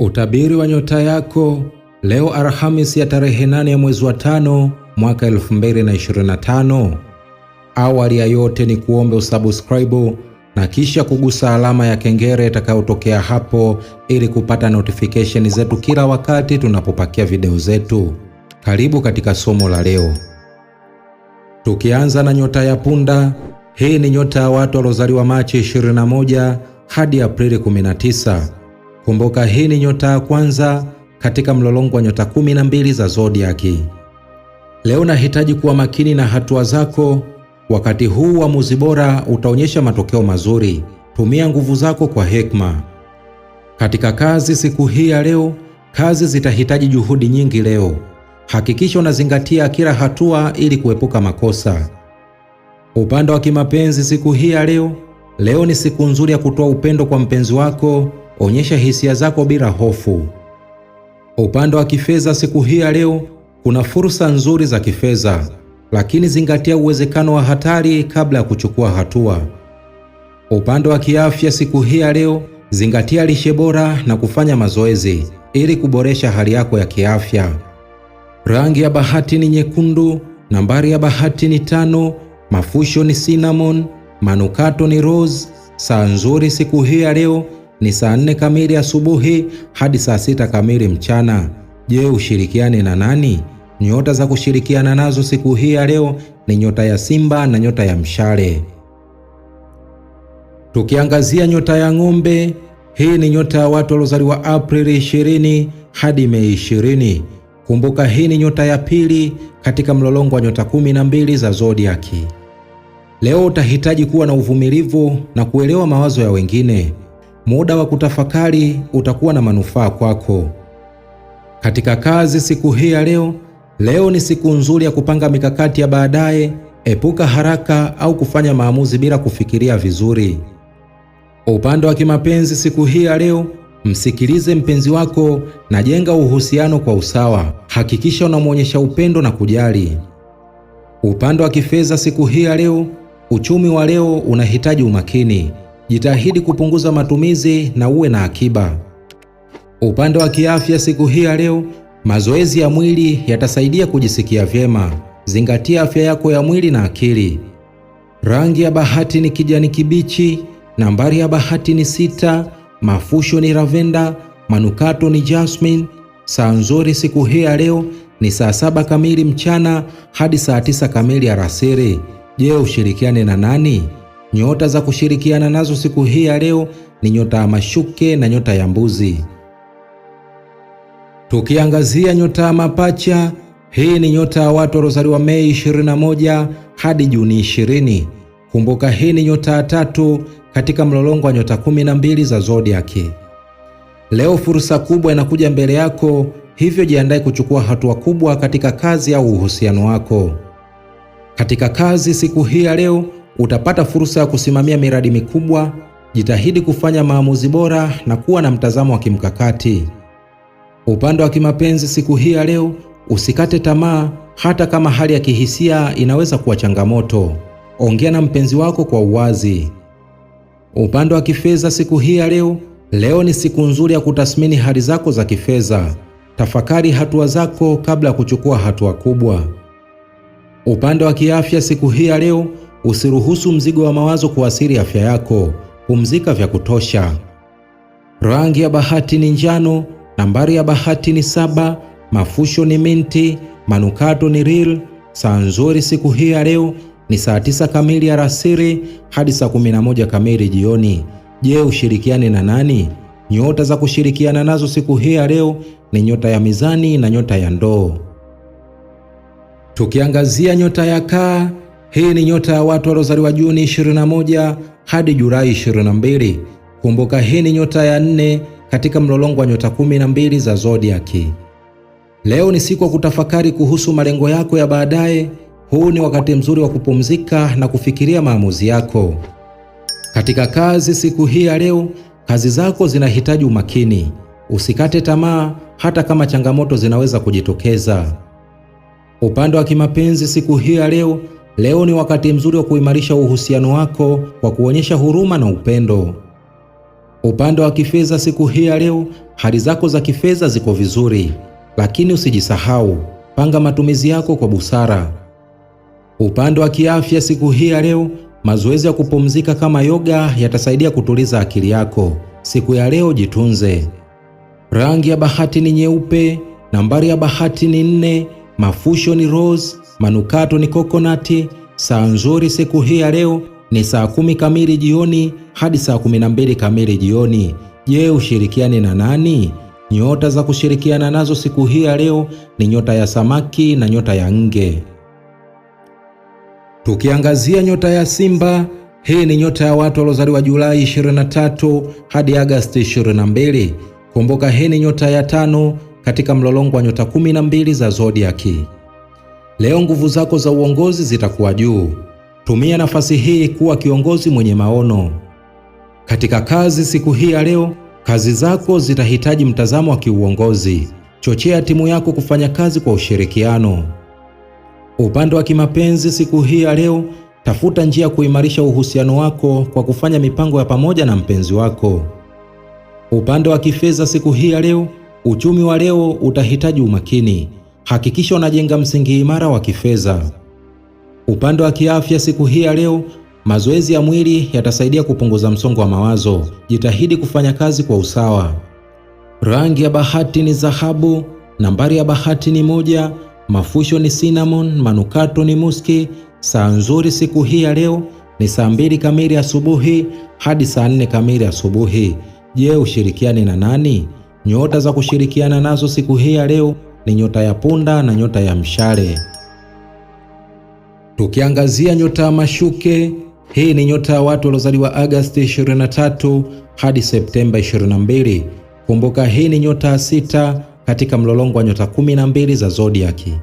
Utabiri wa nyota yako leo arhamis ya tarehe 8 ya mwezi wa tano mwaka 2025. Awali ya yote ni kuombe usubscribe na kisha kugusa alama ya kengele itakayotokea hapo ili kupata notification zetu kila wakati tunapopakia video zetu. Karibu katika somo la leo. Tukianza na nyota ya punda, hii ni nyota ya watu waliozaliwa Machi 21 hadi Aprili 19. Kumbuka hii ni nyota ya kwanza katika mlolongo wa nyota kumi na mbili za zodiaki. Leo nahitaji kuwa makini na hatua zako. Wakati huu uamuzi bora utaonyesha matokeo mazuri. Tumia nguvu zako kwa hekima. Katika kazi siku hii ya leo, kazi zitahitaji juhudi nyingi leo. Hakikisha unazingatia kila hatua ili kuepuka makosa. Upande wa kimapenzi siku hii ya leo, leo ni siku nzuri ya kutoa upendo kwa mpenzi wako onyesha hisia zako bila hofu. Upande wa kifedha siku hii ya leo, kuna fursa nzuri za kifedha, lakini zingatia uwezekano wa hatari kabla ya kuchukua hatua. Upande wa kiafya siku hii ya leo, zingatia lishe bora na kufanya mazoezi ili kuboresha hali yako ya kiafya. Rangi ya bahati ni nyekundu, nambari ya bahati ni tano, mafusho ni cinnamon, manukato ni rose. Saa nzuri siku hii ya leo ni saa nne kamili asubuhi hadi saa sita kamili mchana. Je, ushirikiane na nani? Nyota za kushirikiana nazo siku hii ya leo ni nyota ya Simba na nyota ya Mshale. Tukiangazia nyota ya Ng'ombe, hii ni nyota ya watu waliozaliwa Aprili 20 hadi Mei 20. Kumbuka, hii ni nyota ya pili katika mlolongo wa nyota kumi na mbili za zodiaki. Leo utahitaji kuwa na uvumilivu na kuelewa mawazo ya wengine muda wa kutafakari utakuwa na manufaa kwako katika kazi siku hii ya leo. Leo ni siku nzuri ya kupanga mikakati ya baadaye. Epuka haraka au kufanya maamuzi bila kufikiria vizuri. Upande wa kimapenzi siku hii ya leo, msikilize mpenzi wako na jenga uhusiano kwa usawa. Hakikisha unamwonyesha upendo na kujali. Upande wa kifedha siku hii ya leo, uchumi wa leo unahitaji umakini jitahidi kupunguza matumizi na uwe na akiba. Upande wa kiafya siku hii ya leo, mazoezi ya mwili yatasaidia kujisikia vyema. Zingatia afya yako ya mwili na akili. Rangi ya bahati ni kijani kibichi. Nambari ya bahati ni sita. Mafusho ni lavenda. Manukato ni jasmine. Saa nzuri siku hii ya leo ni saa saba kamili mchana hadi saa tisa kamili alasiri. Je, ushirikiane na nani? Nyota za kushirikiana nazo siku hii ya leo ni nyota ya mashuke na nyota ya mbuzi. Tukiangazia nyota ya mapacha, hii ni nyota ya watu waliozaliwa Mei 21 hadi Juni 20. Kumbuka hii ni nyota ya tatu katika mlolongo wa nyota 12 za zodiaki. Leo fursa kubwa inakuja mbele yako, hivyo jiandae kuchukua hatua kubwa katika kazi au uhusiano wako. Katika kazi siku hii ya leo utapata fursa ya kusimamia miradi mikubwa, jitahidi kufanya maamuzi bora na kuwa na mtazamo wa kimkakati. Upande wa kimapenzi siku hii ya leo, usikate tamaa hata kama hali ya kihisia inaweza kuwa changamoto. Ongea na mpenzi wako kwa uwazi. Upande wa kifedha siku hii ya leo, leo ni siku nzuri ya kutathmini hali zako za kifedha. Tafakari hatua zako kabla ya kuchukua hatua kubwa. Upande wa kiafya siku hii ya leo, Usiruhusu mzigo wa mawazo kuathiri afya yako. Pumzika vya kutosha. Rangi ya bahati ni njano. Nambari ya bahati ni saba. Mafusho ni minti. Manukato ni ril. Saa nzuri siku hii ya leo ni saa tisa kamili alasiri hadi saa kumi na moja kamili jioni. Je, ushirikiane na nani? Nyota za kushirikiana nazo siku hii ya leo ni nyota ya mizani na nyota ya ndoo. Tukiangazia nyota ya kaa hii ni nyota ya watu waliozaliwa Juni 21 hadi Julai 22. Kumbuka, hii ni nyota ya nne katika mlolongo wa nyota 12 za zodiaki. Leo ni siku ya kutafakari kuhusu malengo yako ya baadaye. Huu ni wakati mzuri wa kupumzika na kufikiria maamuzi yako. Katika kazi siku hii ya leo, kazi zako zinahitaji umakini. Usikate tamaa hata kama changamoto zinaweza kujitokeza. Upande wa kimapenzi siku hii ya leo, Leo ni wakati mzuri wa kuimarisha uhusiano wako kwa kuonyesha huruma na upendo. Upande wa kifedha, siku hii ya leo, hali zako za kifedha ziko vizuri, lakini usijisahau, panga matumizi yako kwa busara. Upande wa kiafya, siku hii ya leo, mazoezi ya kupumzika kama yoga yatasaidia kutuliza akili yako. Siku ya leo, jitunze. Rangi ya bahati ni nyeupe. Nambari ya bahati ni nne. Mafusho ni rose. Manukato ni kokonati. Saa nzuri siku hii ya leo ni saa kumi kamili jioni hadi saa kumi na mbili kamili jioni. Je, ushirikiane na nani? Nyota za kushirikiana nazo siku hii ya leo ni nyota ya samaki na nyota ya nge. Tukiangazia nyota ya Simba, hii ni nyota ya watu waliozaliwa Julai 23 hadi Agasti 22. Kumbuka, hii ni nyota ya tano katika mlolongo wa nyota 12 za zodiaki. Leo nguvu zako za uongozi zitakuwa juu. Tumia nafasi hii kuwa kiongozi mwenye maono. Katika kazi siku hii ya leo, kazi zako zitahitaji mtazamo wa kiuongozi. Chochea timu yako kufanya kazi kwa ushirikiano. Upande wa kimapenzi siku hii ya leo, tafuta njia ya kuimarisha uhusiano wako kwa kufanya mipango ya pamoja na mpenzi wako. Upande wa kifedha siku hii ya leo, uchumi wa leo utahitaji umakini hakikisha unajenga msingi imara wa kifedha. Upande wa kiafya, siku hii ya leo, mazoezi ya mwili yatasaidia kupunguza msongo wa mawazo. Jitahidi kufanya kazi kwa usawa. Rangi ya bahati ni dhahabu. Nambari ya bahati ni moja. Mafusho ni cinnamon. Manukato ni muski. Saa nzuri siku hii ya leo ni saa mbili kamili asubuhi hadi saa nne kamili asubuhi. Je, ushirikiane na nani? Nyota za kushirikiana nazo siku hii ya leo ni nyota ya punda na nyota ya mshale. Tukiangazia nyota ya mashuke, hii ni nyota ya watu waliozaliwa Agosti 23 hadi Septemba 22. Kumbuka hii ni nyota ya sita katika mlolongo wa nyota 12 za zodiaki.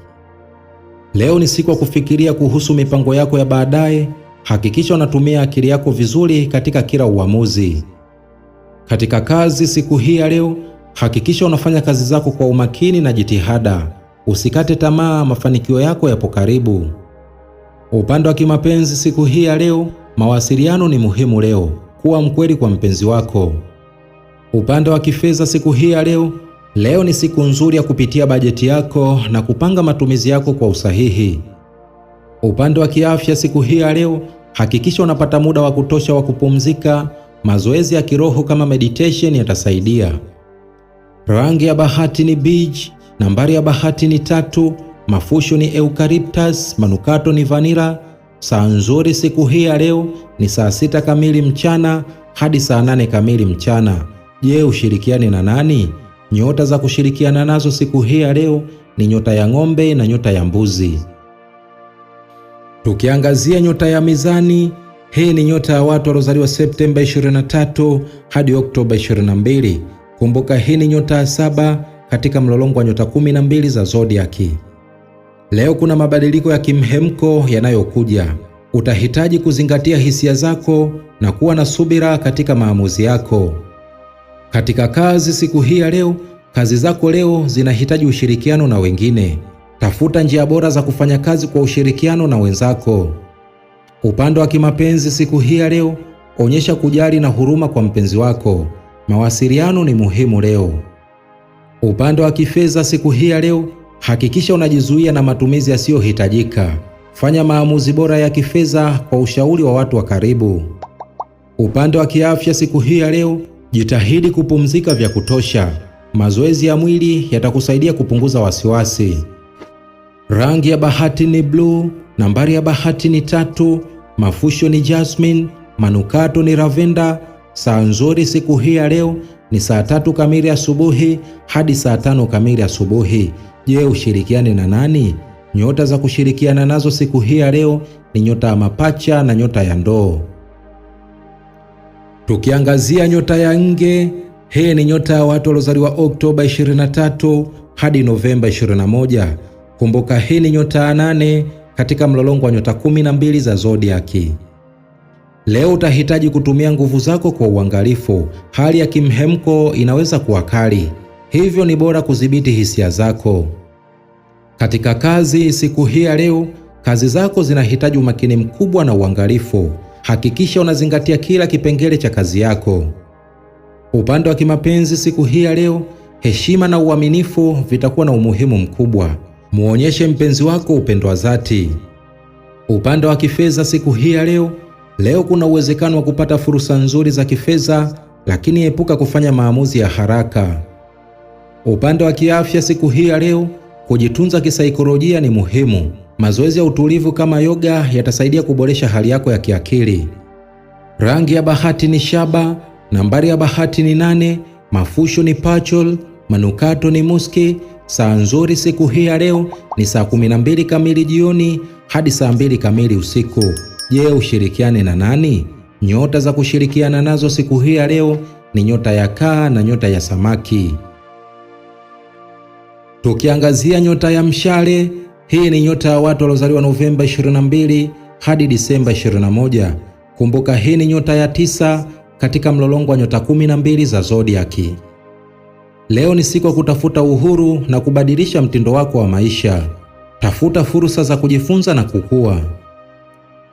Leo ni siku ya kufikiria kuhusu mipango yako ya baadaye. Hakikisha unatumia akili yako vizuri katika kila uamuzi. Katika kazi siku hii ya leo Hakikisha unafanya kazi zako kwa umakini na jitihada. Usikate tamaa, mafanikio yako yapo karibu. Upande wa kimapenzi siku hii ya leo, mawasiliano ni muhimu leo. Kuwa mkweli kwa mpenzi wako. Upande wa kifedha siku hii ya leo, leo ni siku nzuri ya kupitia bajeti yako na kupanga matumizi yako kwa usahihi. Upande wa kiafya siku hii ya leo, hakikisha unapata muda wa kutosha wa kupumzika. Mazoezi ya kiroho kama meditation yatasaidia. Rangi ya bahati ni beige, nambari ya bahati ni tatu, mafusho ni eucalyptus, manukato ni vanira. Saa nzuri siku hii ya leo ni saa sita kamili mchana hadi saa nane kamili mchana. Je, ushirikiane na nani? Nyota za kushirikiana nazo siku hii ya leo ni nyota ya ng'ombe na nyota ya mbuzi. Tukiangazia nyota ya Mizani, hii ni nyota ya watu waliozaliwa Septemba 23 hadi Oktoba 22. Kumbuka hii ni nyota ya saba katika mlolongo wa nyota kumi na mbili za zodiaki. Leo kuna mabadiliko ya kimhemko yanayokuja. Utahitaji kuzingatia hisia zako na kuwa na subira katika maamuzi yako. Katika kazi siku hii ya leo, kazi zako leo zinahitaji ushirikiano na wengine. Tafuta njia bora za kufanya kazi kwa ushirikiano na wenzako. Upande wa kimapenzi siku hii ya leo, onyesha kujali na huruma kwa mpenzi wako. Mawasiliano ni muhimu leo. Upande wa kifedha siku hii ya leo, hakikisha unajizuia na matumizi yasiyohitajika. Fanya maamuzi bora ya kifedha kwa ushauri wa watu wa karibu. Upande wa kiafya siku hii ya leo, jitahidi kupumzika vya kutosha. Mazoezi ya mwili yatakusaidia kupunguza wasiwasi. Rangi ya bahati ni bluu, nambari ya bahati ni tatu, mafusho ni jasmine, manukato ni lavender. Saa nzuri siku hii ya leo ni saa tatu kamili asubuhi hadi saa tano kamili asubuhi. Je, ushirikiane na nani? Nyota za kushirikiana nazo siku hii ya leo ni nyota ya mapacha na nyota ya ndoo. Tukiangazia nyota ya nge, hii ni nyota ya watu waliozaliwa Oktoba 23 hadi Novemba 21. Kumbuka hii ni nyota ya nane katika mlolongo wa nyota 12 za zodiaki. Leo utahitaji kutumia nguvu zako kwa uangalifu. Hali ya kimhemko inaweza kuwa kali, hivyo ni bora kudhibiti hisia zako. Katika kazi siku hii ya leo, kazi zako zinahitaji umakini mkubwa na uangalifu. Hakikisha unazingatia kila kipengele cha kazi yako. Upande wa kimapenzi siku hii ya leo, heshima na uaminifu vitakuwa na umuhimu mkubwa. Muonyeshe mpenzi wako upendo wa dhati. Upande wa kifedha siku hii ya leo Leo kuna uwezekano wa kupata fursa nzuri za kifedha, lakini epuka kufanya maamuzi ya haraka. Upande wa kiafya siku hii ya leo, kujitunza kisaikolojia ni muhimu. Mazoezi ya utulivu kama yoga yatasaidia kuboresha hali yako ya kiakili. Rangi ya bahati ni shaba, nambari ya bahati ni nane, mafusho ni pachol, manukato ni muski. Saa nzuri siku hii ya leo ni saa 12 kamili jioni hadi saa 2 kamili usiku. Je, ushirikiane na nani? Nyota za kushirikiana nazo siku hii ya leo ni nyota ya kaa na nyota ya samaki. Tukiangazia nyota ya mshale, hii ni nyota ya watu waliozaliwa Novemba 22 hadi Disemba 21. Kumbuka hii ni nyota ya tisa katika mlolongo wa nyota 12 za zodiaki. Leo ni siku ya kutafuta uhuru na kubadilisha mtindo wako wa maisha. Tafuta fursa za kujifunza na kukua.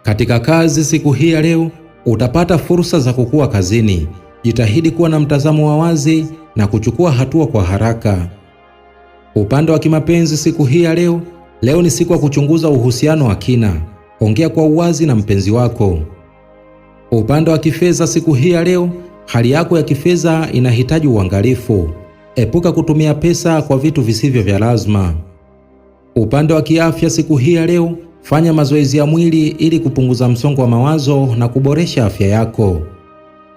Katika kazi siku hii ya leo utapata fursa za kukua kazini. Jitahidi kuwa na mtazamo wa wazi na kuchukua hatua kwa haraka. Upande wa kimapenzi siku hii ya leo, leo ni siku ya kuchunguza uhusiano wa kina. Ongea kwa uwazi na mpenzi wako. Upande wa kifedha siku hii ya leo, hali yako ya kifedha inahitaji uangalifu. Epuka kutumia pesa kwa vitu visivyo vya lazima. Upande wa kiafya siku hii ya leo, Fanya mazoezi ya mwili ili kupunguza msongo wa mawazo na kuboresha afya yako.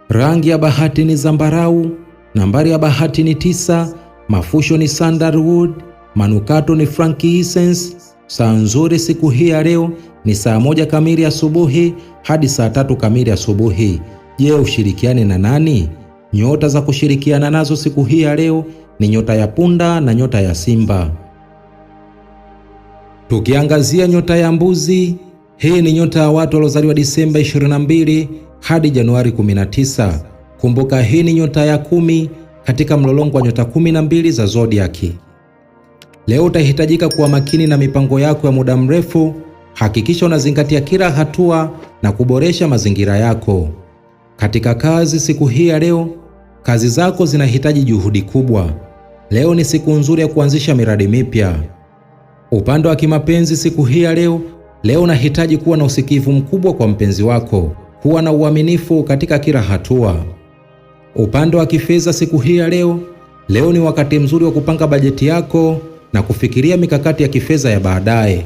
Rangi ya bahati ni zambarau, nambari ya bahati ni tisa, mafusho ni sandalwood, manukato ni frankincense. Saa nzuri siku hii ya leo ni saa moja kamili asubuhi hadi saa tatu kamili asubuhi. Je, ushirikiane na nani? Nyota za kushirikiana nazo siku hii ya leo ni nyota ya punda na nyota ya simba. Tukiangazia nyota ya mbuzi, hii ni nyota ya watu waliozaliwa Disemba 22 hadi Januari 19. Kumbuka hii ni nyota ya kumi katika mlolongo wa nyota 12 za zodiaki. Leo utahitajika kuwa makini na mipango yako ya muda mrefu. Hakikisha unazingatia kila hatua na kuboresha mazingira yako. Katika kazi siku hii ya leo, kazi zako zinahitaji juhudi kubwa. Leo ni siku nzuri ya kuanzisha miradi mipya. Upande wa kimapenzi siku hii ya leo, leo unahitaji kuwa na usikivu mkubwa kwa mpenzi wako, kuwa na uaminifu katika kila hatua. Upande wa kifedha siku hii ya leo, leo ni wakati mzuri wa kupanga bajeti yako na kufikiria mikakati ya kifedha ya baadaye.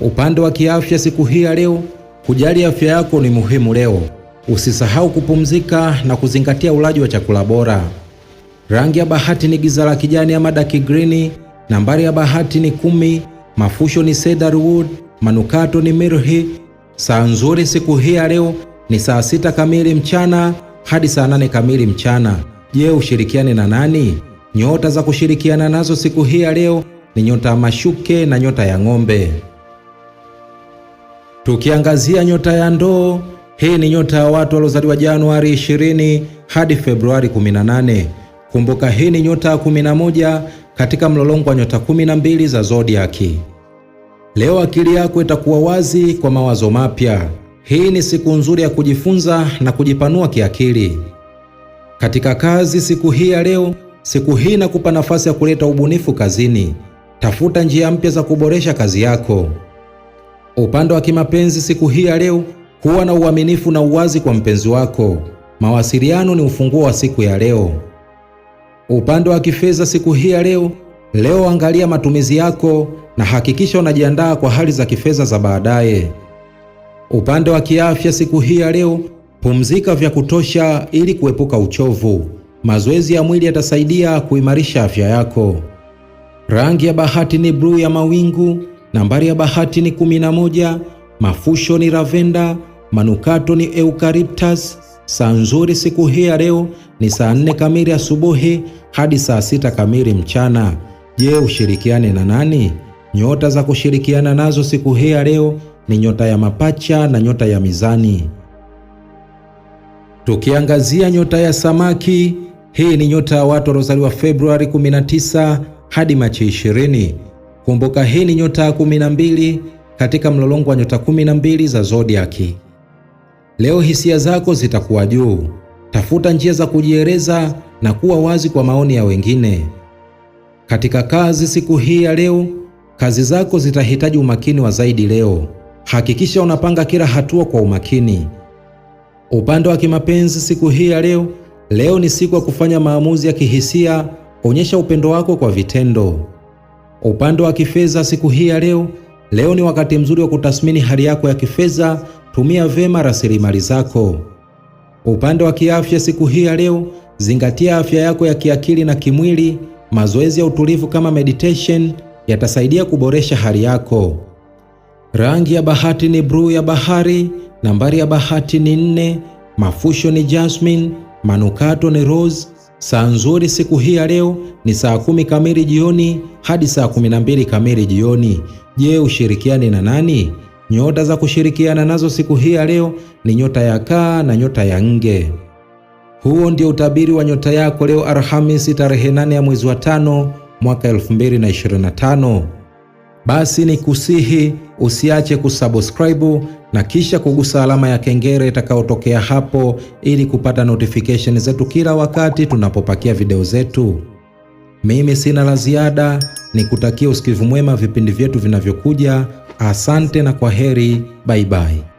Upande wa kiafya siku hii ya leo, kujali afya yako ni muhimu leo. Usisahau kupumzika na kuzingatia ulaji wa chakula bora. Rangi ya bahati ni giza la kijani ama dark grini. Nambari ya bahati ni kumi. Mafusho ni Cedarwood, manukato ni Mirhi. Saa nzuri siku hii ya leo ni saa sita kamili mchana hadi saa nane kamili mchana. Je, ushirikiane na nani? Nyota za kushirikiana nazo siku hii ya leo ni nyota ya mashuke na nyota ya ng'ombe. Tukiangazia nyota ya ndoo, hii ni nyota ya watu waliozaliwa Januari 20 hadi Februari 18. Kumbuka hii ni nyota ya 11 katika mlolongo wa nyota 12 za zodiaki. Leo akili yako itakuwa wazi kwa mawazo mapya. Hii ni siku nzuri ya kujifunza na kujipanua kiakili. Katika kazi siku hii ya leo, siku hii inakupa nafasi ya kuleta ubunifu kazini. Tafuta njia mpya za kuboresha kazi yako. Upande wa kimapenzi siku hii ya leo, kuwa na uaminifu na uwazi kwa mpenzi wako. Mawasiliano ni ufunguo wa siku ya leo. Upande wa kifedha siku hii ya leo, leo angalia matumizi yako na hakikisha unajiandaa kwa hali za kifedha za baadaye. Upande wa kiafya siku hii ya leo, pumzika vya kutosha ili kuepuka uchovu. Mazoezi ya mwili yatasaidia kuimarisha afya yako. Rangi ya bahati ni bluu ya mawingu. Nambari ya bahati ni 11. Mafusho ni lavenda. Manukato ni eucalyptus. Saa nzuri siku hii ya leo ni saa nne kamili asubuhi hadi saa sita kamili mchana. Je, ushirikiane na nani? Nyota za kushirikiana nazo siku hii ya leo ni nyota ya mapacha na nyota ya mizani. Tukiangazia nyota ya samaki, hii ni nyota ya watu waliozaliwa Februari 19 hadi Machi 20. Kumbuka, hii ni nyota ya 12 katika mlolongo wa nyota 12 za zodiaki. Leo hisia zako zitakuwa juu. Tafuta njia za kujieleza na kuwa wazi kwa maoni ya wengine. Katika kazi siku hii ya leo, kazi zako zitahitaji umakini wa zaidi leo. Hakikisha unapanga kila hatua kwa umakini. Upande wa kimapenzi siku hii ya leo, leo ni siku ya kufanya maamuzi ya kihisia. Onyesha upendo wako kwa vitendo. Upande wa kifedha siku hii ya leo, leo ni wakati mzuri wa kutathmini hali yako ya kifedha tumia vema rasilimali zako. Upande wa kiafya siku hii ya leo, zingatia afya yako ya kiakili na kimwili. Mazoezi ya utulivu kama meditation yatasaidia kuboresha hali yako. Rangi ya bahati ni bluu ya bahari. Nambari ya bahati ni nne. Mafusho ni jasmine. Manukato ni rose. Saa nzuri siku hii ya leo ni saa kumi kamili jioni hadi saa kumi na mbili kamili jioni. Je, ushirikiani na nani? Nyota za kushirikiana nazo siku hii ya leo ni nyota ya kaa na nyota ya nge. Huo ndio utabiri wa nyota yako leo Alhamisi tarehe 8 ya mwezi wa tano mwaka 2025. Basi ni kusihi usiache kusubscribe na kisha kugusa alama ya kengele itakayotokea hapo ili kupata notification zetu kila wakati tunapopakia video zetu. Mimi sina la ziada, nikutakia usikivu mwema vipindi vyetu vinavyokuja. Asante na kwa heri, baibai.